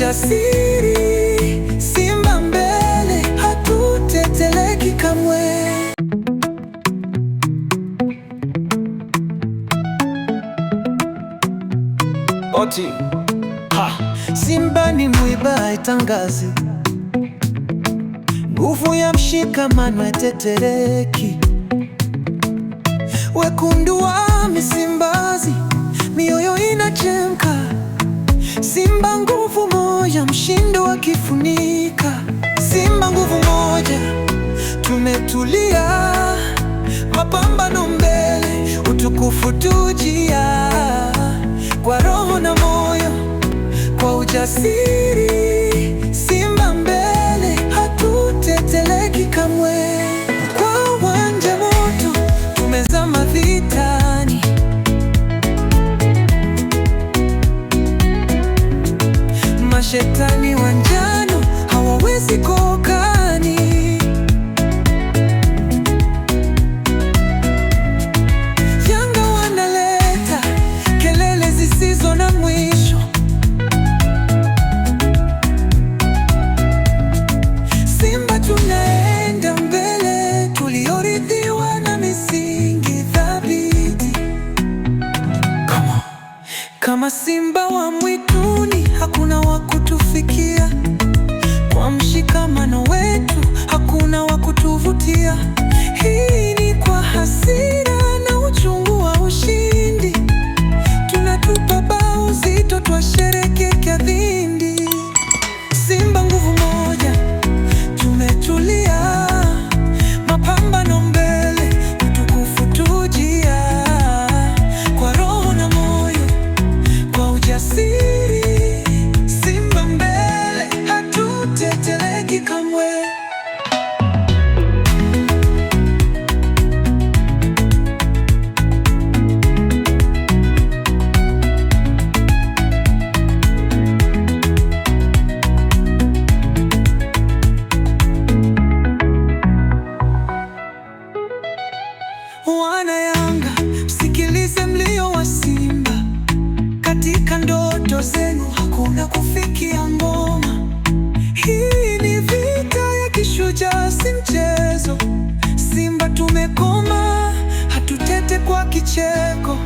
ujasiri, Simba mbele, hatuteteleki kamwe. Oti. Ha. Simba ni mwiba haitangazi, nguvu ya mshikamano haitetereki. Wekundu wa Misimbazi kifunika Simba nguvu moja, tumetulia, mapambano mbele, utukufu tujia, kwa roho na moyo, kwa ujasiri, Simba mbele, hatuteteleki kamwe. Kwa uwanja moto, tumezama vitani, mashetani wanja sikokani Yanga wanaleta kelele zisizo na mwisho, Simba tunaenda mbele, tuliorithiwa na misingi thabiti. Kama Simba wa mwituni, hakuna wa kutufikia. Sí kufikia ngoma. Hii ni vita ya kishujaa, si mchezo. Simba tumekoma, hatutete kwa kicheko.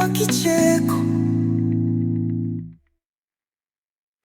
aqui checo.